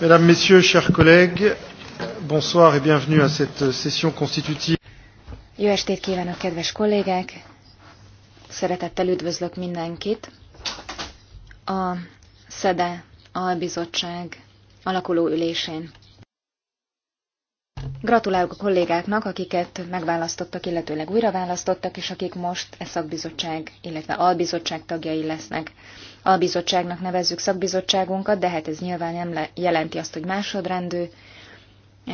Mesdames, Messieurs, chers collègues, bonsoir et bienvenue à cette session constitutive. Jó estét kívánok, kedves kollégák! Szeretettel üdvözlök mindenkit. A SZEDE albizottság alakuló ülésén. Gratulálok a kollégáknak, akiket megválasztottak, illetőleg újraválasztottak, és akik most e szakbizottság, illetve albizottság tagjai lesznek. Albizottságnak nevezzük szakbizottságunkat, de hát ez nyilván nem jelenti azt, hogy másodrendű.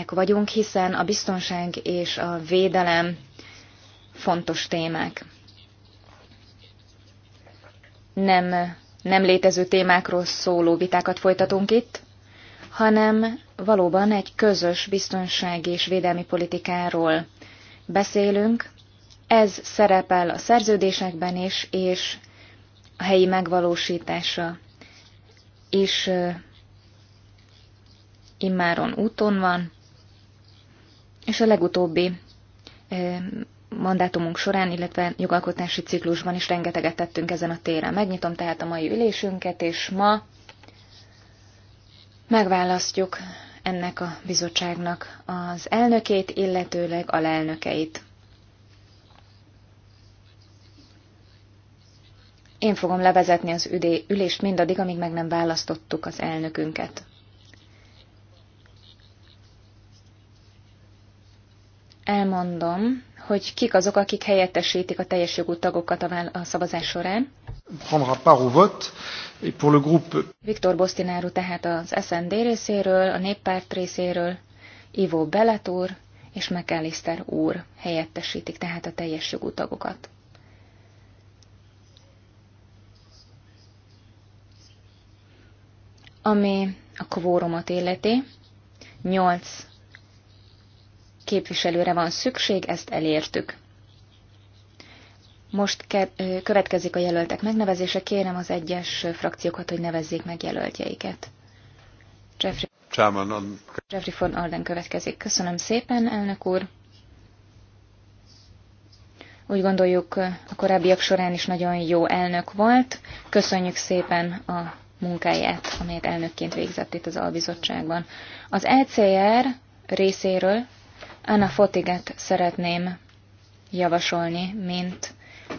vagyunk, hiszen a biztonság és a védelem fontos témák. Nem, nem létező témákról szóló vitákat folytatunk itt, hanem valóban egy közös biztonsági és védelmi politikáról beszélünk. Ez szerepel a szerződésekben is, és a helyi megvalósítása is immáron úton van, és a legutóbbi mandátumunk során, illetve jogalkotási ciklusban is rengeteget tettünk ezen a téren. Megnyitom tehát a mai ülésünket, és ma megválasztjuk ennek a bizottságnak az elnökét, illetőleg alelnökeit. Én fogom levezetni az ülést mindaddig, amíg meg nem választottuk az elnökünket. elmondom, hogy kik azok, akik helyettesítik a teljes jogú tagokat a, a szavazás során. Prendra part au vote. Et pour le groupe... Viktor Bostináru tehát az SND részéről, a néppárt részéről, Ivo Belet úr és McAllister úr helyettesítik tehát a teljes jogú tagokat. Ami a kvórumot illeti, 8 képviselőre van szükség, ezt elértük. Most ke- következik a jelöltek megnevezése. Kérem az egyes frakciókat, hogy nevezzék meg jelöltjeiket. Jeffrey, Chairman, Jeffrey von Alden következik. Köszönöm szépen, elnök úr. Úgy gondoljuk, a korábbiak során is nagyon jó elnök volt. Köszönjük szépen a munkáját, amelyet elnökként végzett itt az albizottságban. Az ECR részéről Anna Fotiget szeretném javasolni, mint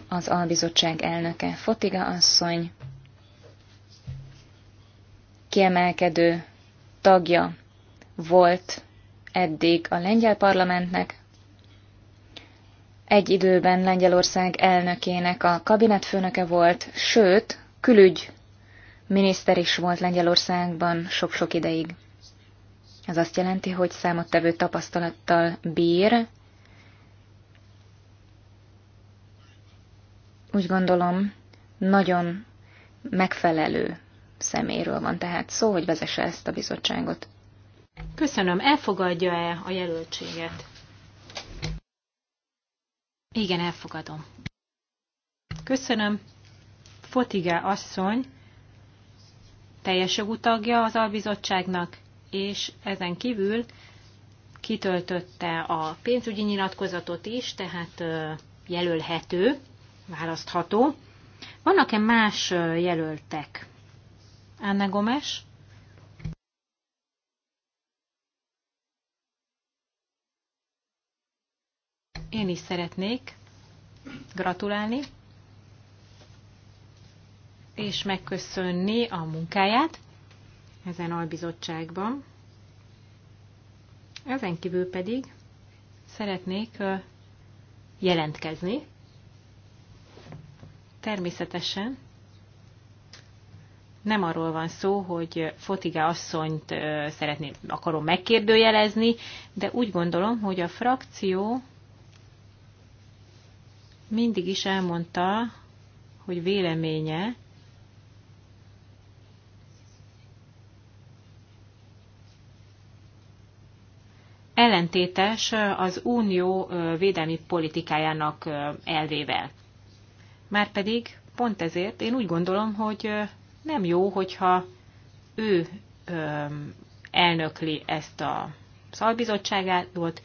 az albizottság elnöke. Fotiga asszony kiemelkedő tagja volt eddig a lengyel parlamentnek, egy időben Lengyelország elnökének a kabinetfőnöke volt, sőt, külügy miniszter is volt Lengyelországban sok-sok ideig. Ez azt jelenti, hogy számottevő tapasztalattal bír. Úgy gondolom, nagyon megfelelő szeméről van tehát szó, hogy vezesse ezt a bizottságot. Köszönöm. Elfogadja-e a jelöltséget? Igen, elfogadom. Köszönöm. Fotige asszony, teljes jogú tagja az albizottságnak, és ezen kívül kitöltötte a pénzügyi nyilatkozatot is, tehát jelölhető, választható. Vannak-e más jelöltek? Anna Gomes? Én is szeretnék gratulálni és megköszönni a munkáját ezen albizottságban. Ezen kívül pedig szeretnék jelentkezni. Természetesen nem arról van szó, hogy Fotiga asszonyt szeretném, akarom megkérdőjelezni, de úgy gondolom, hogy a frakció mindig is elmondta, hogy véleménye ellentétes az unió védelmi politikájának elvével. Márpedig pont ezért én úgy gondolom, hogy nem jó, hogyha ő elnökli ezt a szalbizottságot.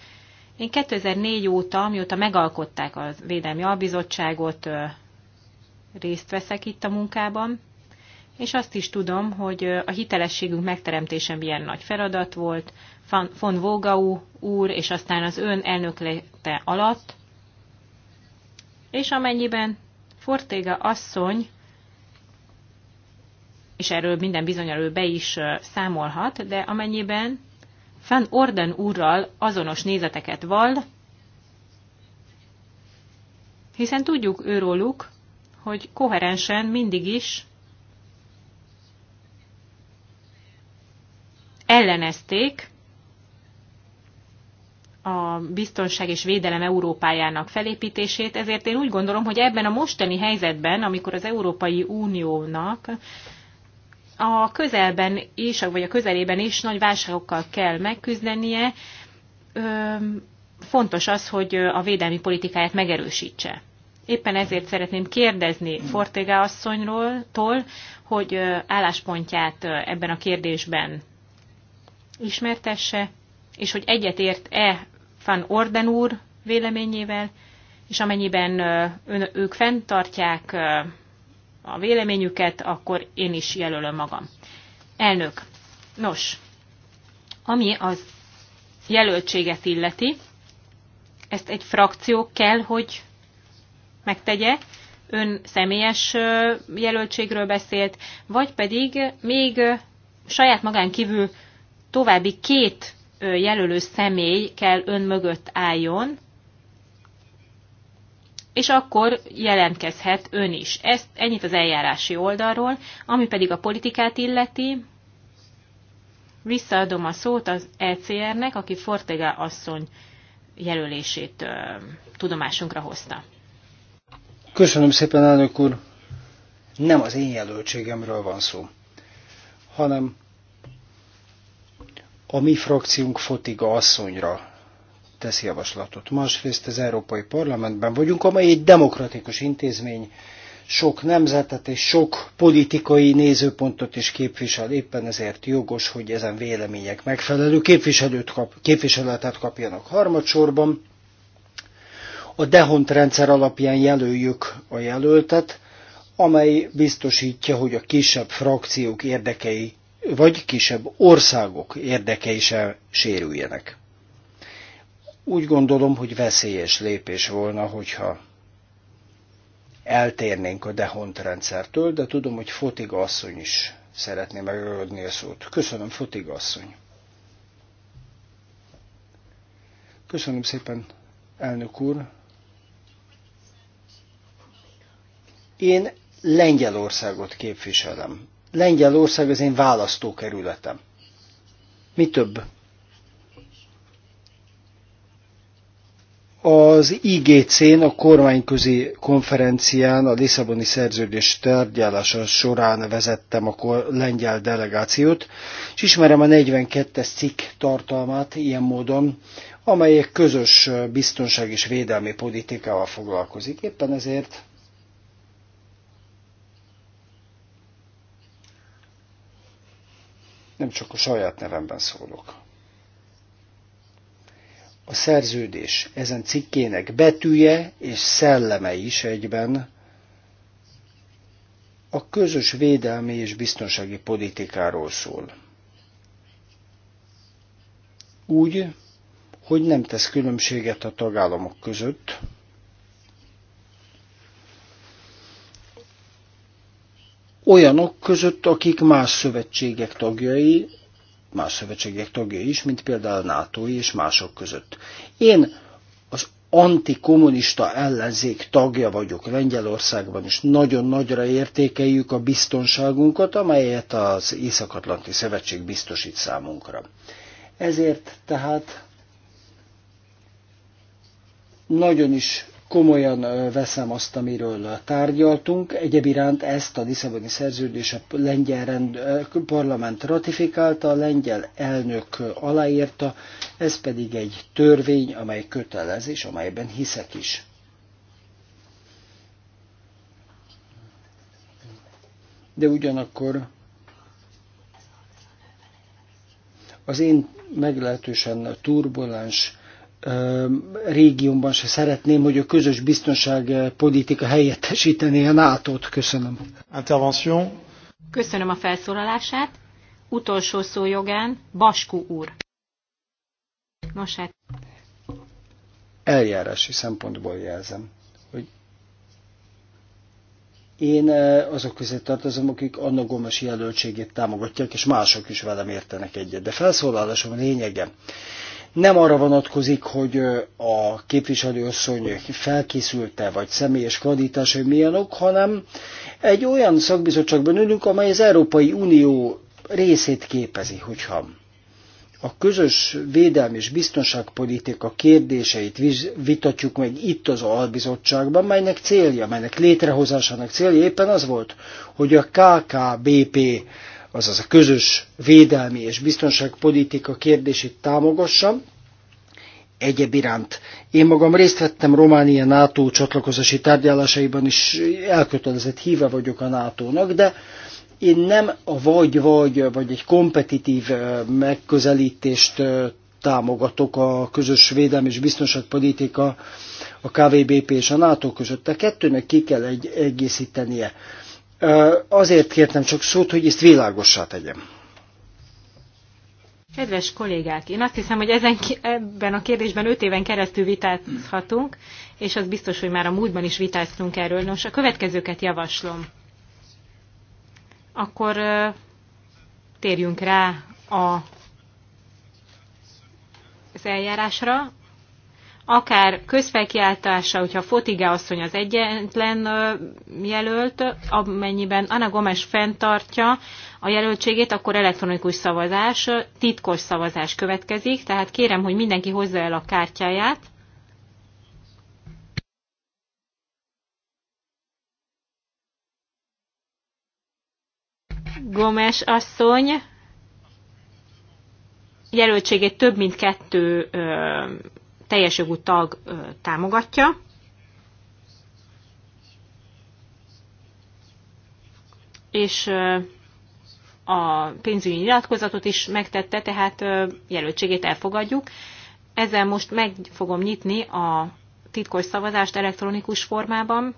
Én 2004 óta, mióta megalkották a Védelmi Albizottságot, részt veszek itt a munkában, és azt is tudom, hogy a hitelességünk megteremtése milyen nagy feladat volt, von Vogau úr, és aztán az ön elnöklete alatt, és amennyiben Fortéga asszony, és erről minden bizonyal ő be is számolhat, de amennyiben Van Orden úrral azonos nézeteket vall, hiszen tudjuk őróluk, hogy koherensen mindig is ellenezték a biztonság és védelem Európájának felépítését, ezért én úgy gondolom, hogy ebben a mostani helyzetben, amikor az Európai Uniónak a közelben is, vagy a közelében is nagy válságokkal kell megküzdenie, fontos az, hogy a védelmi politikáját megerősítse. Éppen ezért szeretném kérdezni Fortega asszonyról, tól, hogy álláspontját ebben a kérdésben ismertesse, és hogy egyetért e Van Orden úr véleményével, és amennyiben ön, ők fenntartják a véleményüket, akkor én is jelölöm magam. Elnök, nos, ami az jelöltséget illeti, ezt egy frakció kell, hogy megtegye, ön személyes jelöltségről beszélt, vagy pedig még saját magán kívül további két jelölő személy kell ön mögött álljon, és akkor jelentkezhet ön is. Ezt ennyit az eljárási oldalról, ami pedig a politikát illeti. Visszaadom a szót az ECR-nek, aki Fortega asszony jelölését ö, tudomásunkra hozta. Köszönöm szépen, elnök úr! Nem az én jelöltségemről van szó, hanem a mi frakciónk Fotiga asszonyra tesz javaslatot. Másrészt az Európai Parlamentben vagyunk, amely egy demokratikus intézmény, sok nemzetet és sok politikai nézőpontot is képvisel, éppen ezért jogos, hogy ezen vélemények megfelelő képviselőt kap, képviseletet kapjanak harmadsorban. A Dehont rendszer alapján jelöljük a jelöltet, amely biztosítja, hogy a kisebb frakciók érdekei vagy kisebb országok érdekei se sérüljenek. Úgy gondolom, hogy veszélyes lépés volna, hogyha eltérnénk a dehont rendszertől, de tudom, hogy Fotiga asszony is szeretné megadni a szót. Köszönöm, Fotiga asszony. Köszönöm szépen, elnök úr. Én Lengyelországot képviselem. Lengyelország az én választókerületem. Mi több? Az IGC-n, a kormányközi konferencián a Lisszaboni szerződés tárgyalása során vezettem a lengyel delegációt, és ismerem a 42-es cikk tartalmát ilyen módon, amelyek közös biztonság és védelmi politikával foglalkozik. Éppen ezért nem csak a saját nevemben szólok. A szerződés ezen cikkének betűje és szelleme is egyben a közös védelmi és biztonsági politikáról szól. Úgy, hogy nem tesz különbséget a tagállamok között, olyanok között, akik más szövetségek tagjai, más szövetségek tagjai is, mint például nato és mások között. Én az antikommunista ellenzék tagja vagyok Lengyelországban, és nagyon nagyra értékeljük a biztonságunkat, amelyet az Észak-Atlanti Szövetség biztosít számunkra. Ezért tehát nagyon is komolyan veszem azt, amiről tárgyaltunk. Egyebiránt ezt a Lisszaboni szerződés a lengyel rend, parlament ratifikálta, a lengyel elnök aláírta, ez pedig egy törvény, amely kötelezés, és amelyben hiszek is. De ugyanakkor az én meglehetősen turbulens Régiumban se szeretném, hogy a közös biztonságpolitika eh, helyettesítené a NATO-t. Köszönöm. Intervention. Köszönöm a felszólalását. Utolsó szó jogán Baskú úr. Nos hát. Eljárási szempontból jelzem, hogy én eh, azok közé tartozom, akik Anna Gomes jelöltségét támogatják, és mások is velem értenek egyet. De felszólalásom a lényege nem arra vonatkozik, hogy a képviselőasszony felkészülte, vagy személyes kvalitásai milyenok, hanem egy olyan szakbizottságban ülünk, amely az Európai Unió részét képezi, hogyha a közös védelmi és biztonságpolitika kérdéseit vitatjuk meg itt az albizottságban, melynek célja, melynek létrehozásának célja éppen az volt, hogy a KKBP azaz a közös védelmi és biztonságpolitika kérdését támogassa. Egyeb iránt én magam részt vettem Románia NATO csatlakozási tárgyalásaiban, is elkötelezett híve vagyok a NATO-nak, de én nem a vagy-vagy, vagy egy kompetitív megközelítést támogatok a közös védelmi és biztonságpolitika a KVBP és a NATO között. A kettőnek ki kell egy egészítenie Azért kértem csak szót, hogy ezt világossá tegyem. Kedves kollégák, én azt hiszem, hogy ezen, ebben a kérdésben öt éven keresztül vitázhatunk, és az biztos, hogy már a múltban is vitáztunk erről. Nos, a következőket javaslom. Akkor térjünk rá a, az eljárásra akár közfelkiáltása, hogyha Fotige asszony az egyetlen jelölt, amennyiben Anna Gomes fenntartja a jelöltségét, akkor elektronikus szavazás, titkos szavazás következik, tehát kérem, hogy mindenki hozza el a kártyáját. Gomes asszony jelöltségét több mint kettő teljes jogú tag támogatja. És a pénzügyi nyilatkozatot is megtette, tehát jelöltségét elfogadjuk. Ezzel most meg fogom nyitni a titkos szavazást elektronikus formában.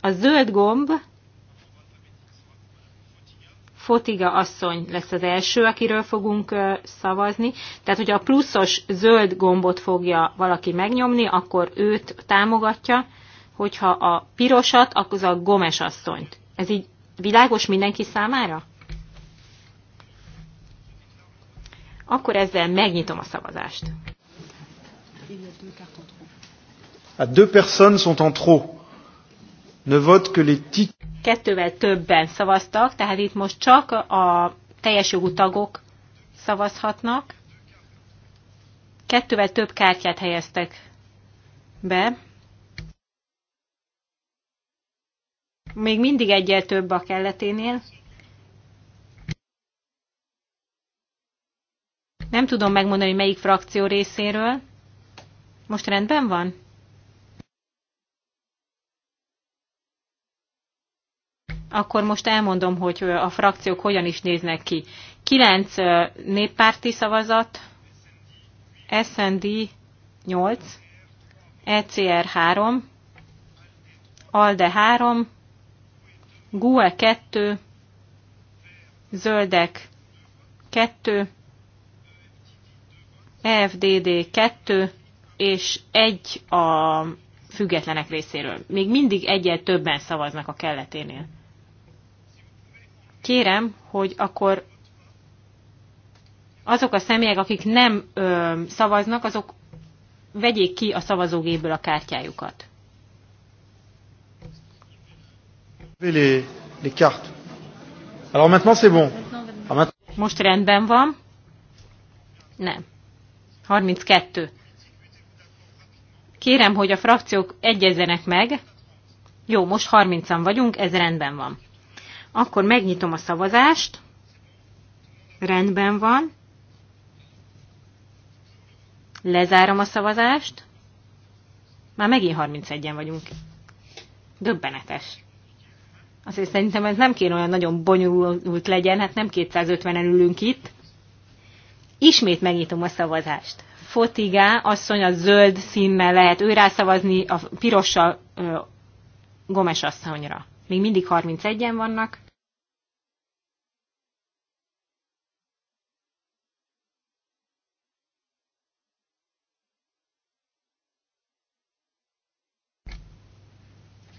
A zöld gomb Fotiga asszony lesz az első, akiről fogunk szavazni. Tehát, hogyha a pluszos zöld gombot fogja valaki megnyomni, akkor őt támogatja, hogyha a pirosat, akkor az a Gomes asszonyt. Ez így világos mindenki számára? Akkor ezzel megnyitom a szavazást. deux personnes sont en trop ne vote que les Kettővel többen szavaztak, tehát itt most csak a teljes jogú tagok szavazhatnak. Kettővel több kártyát helyeztek be. Még mindig egyel több a kelleténél. Nem tudom megmondani, melyik frakció részéről. Most rendben van? akkor most elmondom, hogy a frakciók hogyan is néznek ki. 9 néppárti szavazat, SND 8, ECR 3, ALDE 3, GUE 2, Zöldek 2, EFDD 2, és egy a függetlenek részéről. Még mindig egyet többen szavaznak a kelleténél kérem, hogy akkor azok a személyek, akik nem ö, szavaznak, azok vegyék ki a szavazógéből a kártyájukat. Ah, most rendben van. Nem. 32. Kérem, hogy a frakciók egyezzenek meg. Jó, most 30-an vagyunk, ez rendben van. Akkor megnyitom a szavazást. Rendben van. Lezárom a szavazást. Már megint 31-en vagyunk. Döbbenetes. Azért szerintem ez nem kéne olyan nagyon bonyolult legyen, hát nem 250-en ülünk itt. Ismét megnyitom a szavazást. Fotigá asszony a zöld színmel lehet őrá szavazni, a pirossal ö, Gomes asszonyra még mindig 31-en vannak.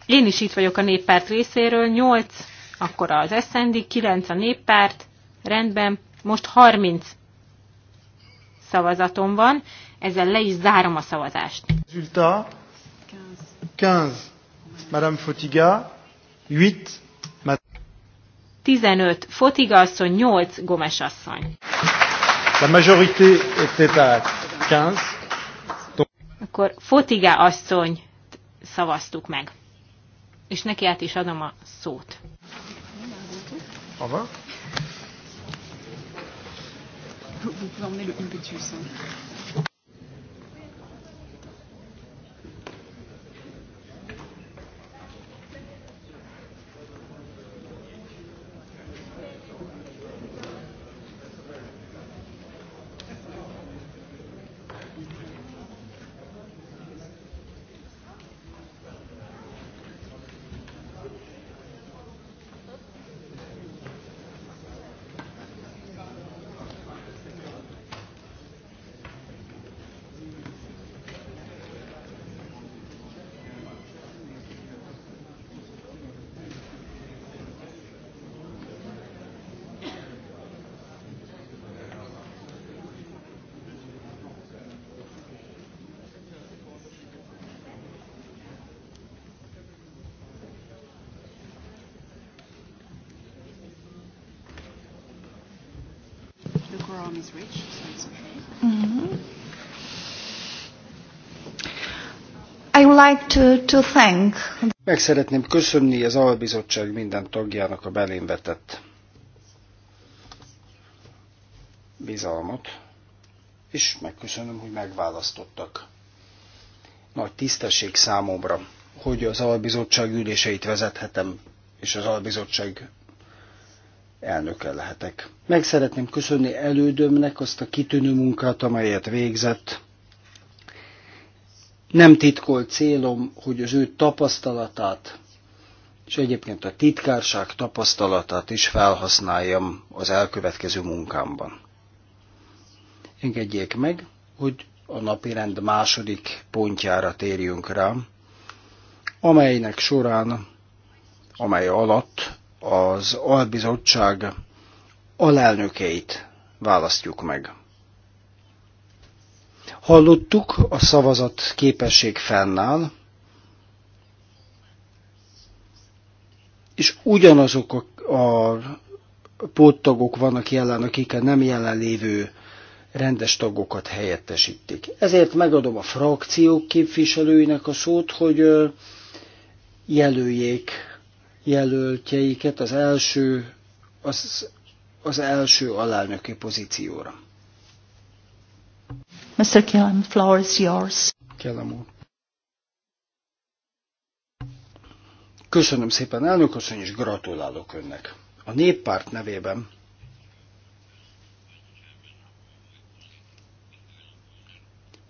Én is itt vagyok a néppárt részéről, 8, akkor az SND, 9 a néppárt, rendben, most 30 szavazatom van, ezzel le is zárom a szavazást. Résultat 15. Madame Fotiga 8. 15 fotigasszony, 8 gomesasszony. La majorité était à 15. Donc... Akkor Fotiga asszony szavaztuk meg. És neki át is adom a szót. Au quorum is reached, so it's okay. Mm-hmm. I would like to, to thank. Meg szeretném köszönni az albizottság minden tagjának a belém vetett bizalmat, és megköszönöm, hogy megválasztottak. Nagy tisztesség számomra, hogy az albizottság üléseit vezethetem, és az albizottság elnöke lehetek. Meg szeretném köszönni elődömnek azt a kitűnő munkát, amelyet végzett. Nem titkolt célom, hogy az ő tapasztalatát, és egyébként a titkárság tapasztalatát is felhasználjam az elkövetkező munkámban. Engedjék meg, hogy a napirend második pontjára térjünk rá, amelynek során, amely alatt az albizottság alelnökeit választjuk meg. Hallottuk, a szavazat képesség fennáll, és ugyanazok a, a póttagok vannak jelen, akik a nem jelenlévő rendes tagokat helyettesítik. Ezért megadom a frakciók képviselőinek a szót, hogy jelöljék jelöltjeiket az első, az, az első alelnöki pozícióra. Mr. Kellam, floor is yours. Kellam úr. Köszönöm szépen, elnök asszony, és gratulálok önnek. A néppárt nevében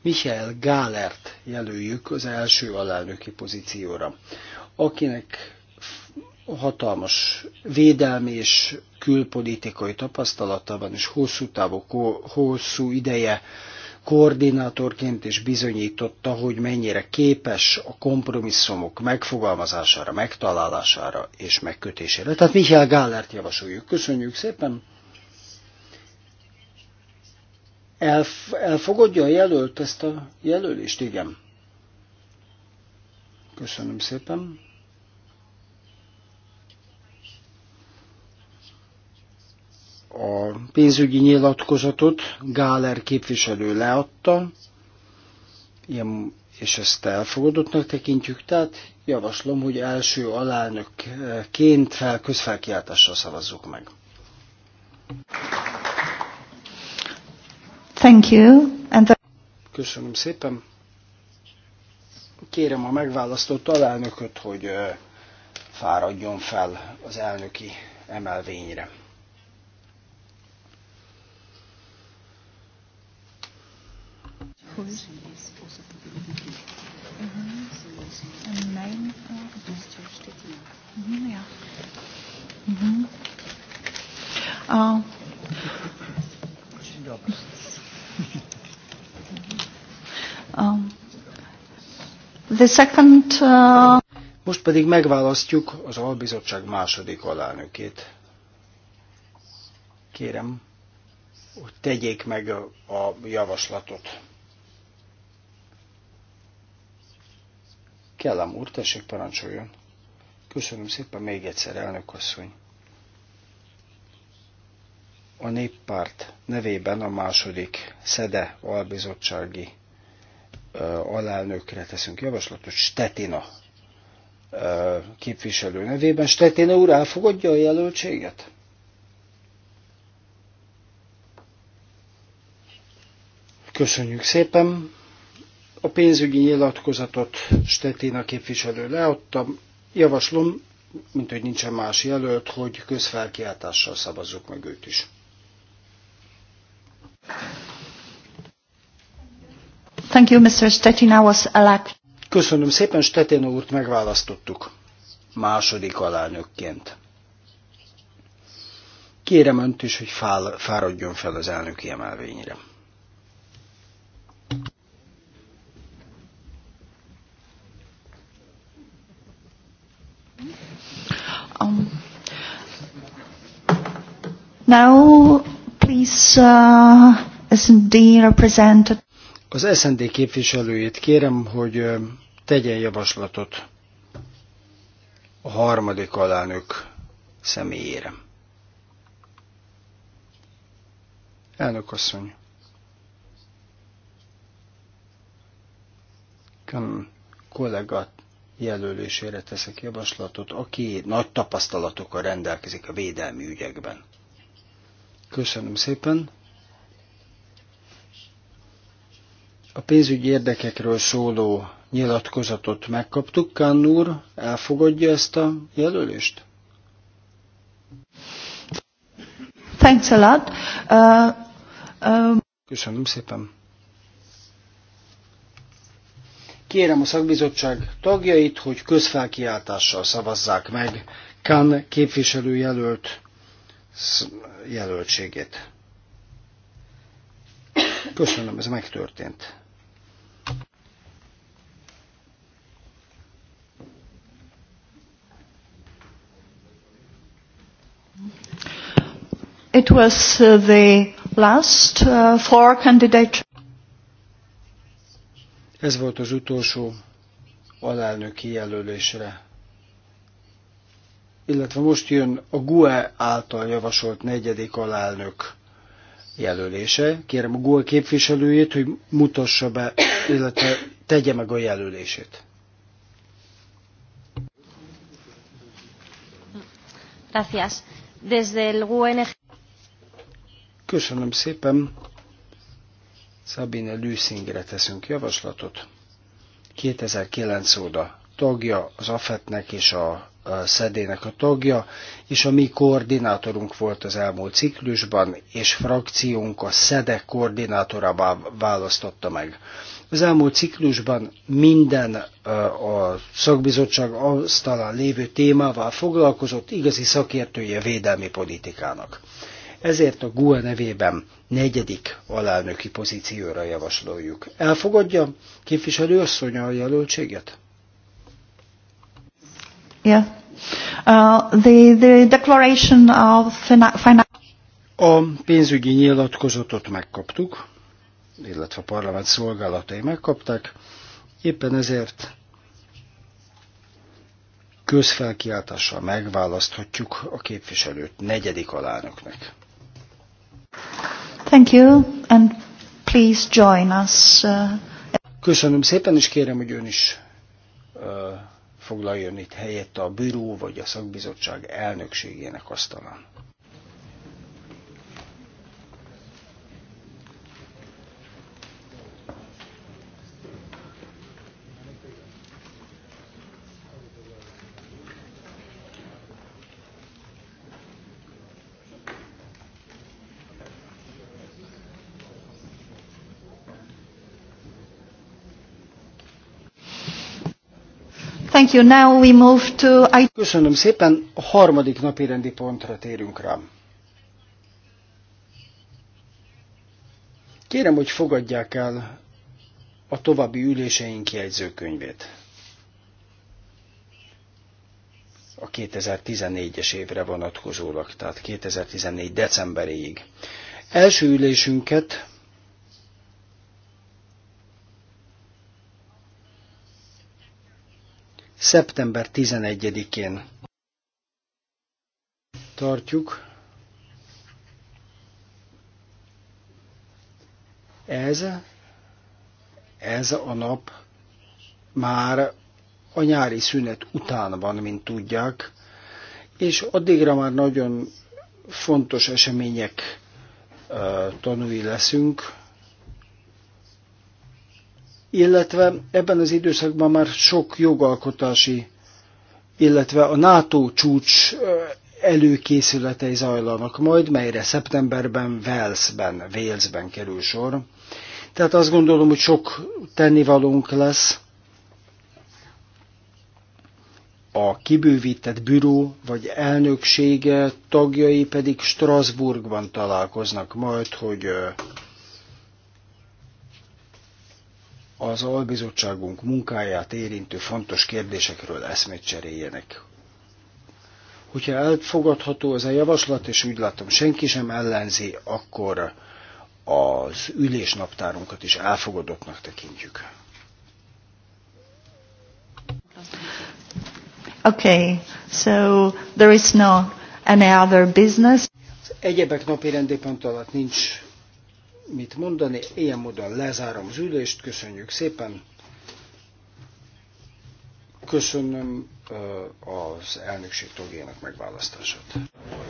Michael Gálert jelöljük az első alelnöki pozícióra, akinek hatalmas védelmi és külpolitikai tapasztalata van, és hosszú távú, hosszú ideje koordinátorként is bizonyította, hogy mennyire képes a kompromisszumok megfogalmazására, megtalálására és megkötésére. Tehát Mihály Gállert javasoljuk. Köszönjük szépen! Elf- elfogadja a jelölt ezt a jelölést? Igen. Köszönöm szépen. a pénzügyi nyilatkozatot Gáler képviselő leadta, ilyen, és ezt elfogadottnak tekintjük, tehát javaslom, hogy első alelnökként fel közfelkiáltással szavazzuk meg. Thank you. And the... Köszönöm szépen. Kérem a megválasztott alelnököt, hogy fáradjon fel az elnöki emelvényre. The second, uh... Most pedig megválasztjuk az albizottság második alelnökét. Kérem, hogy tegyék meg a javaslatot. Kellem úr, tessék parancsoljon. Köszönöm szépen még egyszer, elnök asszony. A néppárt nevében a második SZEDE albizottsági ö, alelnökre teszünk javaslatot, Stetina ö, képviselő nevében. Stetina úr elfogadja a jelöltséget? Köszönjük szépen! A pénzügyi nyilatkozatot Stetina képviselő leadta. Javaslom, mint hogy nincsen más jelölt, hogy közfelkiáltással szavazzuk meg őt is. Thank you, Mr. Stetina was elected. Köszönöm szépen, Stetina úrt megválasztottuk második alelnökként. Kérem önt is, hogy fáradjon fel az elnöki emelvényre. Um, now, please, uh, S&D representative. Az SND képviselőjét kérem, hogy tegyen javaslatot a harmadik alánök személyére. Elnök asszony. Kan kollega jelölésére teszek javaslatot, aki nagy tapasztalatokkal rendelkezik a védelmi ügyekben. Köszönöm szépen. A pénzügyi érdekekről szóló nyilatkozatot megkaptuk. Kán úr elfogadja ezt a jelölést? Thanks a lot. Uh, um... Köszönöm szépen. Kérem a szakbizottság tagjait, hogy közfelkiáltással szavazzák meg Kán képviselőjelölt jelöltségét. Köszönöm, ez megtörtént. It was uh, the last uh, four candidates. Ez volt az utolsó alelnöki jelölésre. Illetve most jön a GUE által javasolt negyedik alelnök jelölése. Kérem a GUE képviselőjét, hogy mutassa be, illetve tegye meg a jelölését. E Köszönöm szépen. Sabine Lüssingre teszünk javaslatot. 2009 óta tagja, az AFET-nek és a szedének a tagja, és a mi koordinátorunk volt az elmúlt ciklusban, és frakciónk a SZEDE koordinátorává választotta meg. Az elmúlt ciklusban minden a szakbizottság asztalán lévő témával foglalkozott igazi szakértője védelmi politikának ezért a GUA e nevében negyedik alelnöki pozícióra javasoljuk. Elfogadja képviselő asszony a jelöltséget? Uh, a pénzügyi nyilatkozatot megkaptuk, illetve a parlament szolgálatai megkapták, éppen ezért közfelkiáltással megválaszthatjuk a képviselőt negyedik alánoknak. Thank you, and please join us. Uh, Köszönöm szépen, és kérem, hogy ön is uh, foglaljon itt helyett a bíró vagy a szakbizottság elnökségének asztalán. Thank you. Now we move to... Köszönöm szépen, a harmadik napi rendi pontra térünk rá. Kérem, hogy fogadják el a további üléseink jegyzőkönyvét. A 2014-es évre vonatkozólag, tehát 2014. decemberéig. Első ülésünket szeptember 11-én tartjuk. Ez, ez a nap már a nyári szünet után van, mint tudják, és addigra már nagyon fontos események tanúi leszünk, illetve ebben az időszakban már sok jogalkotási, illetve a NATO csúcs előkészületei zajlanak majd, melyre szeptemberben Walesben, Walesben kerül sor. Tehát azt gondolom, hogy sok tennivalónk lesz. A kibővített büró vagy elnöksége tagjai pedig Strasbourgban találkoznak majd, hogy az albizottságunk munkáját érintő fontos kérdésekről eszmét cseréljenek. Hogyha elfogadható ez a javaslat, és úgy látom senki sem ellenzi, akkor az ülésnaptárunkat is elfogadottnak tekintjük. Okay, so there is no any other business. Az egyebek napi rendi alatt nincs mit mondani. Ilyen módon lezárom az ülést, köszönjük szépen. Köszönöm az elnökség tagjának megválasztását.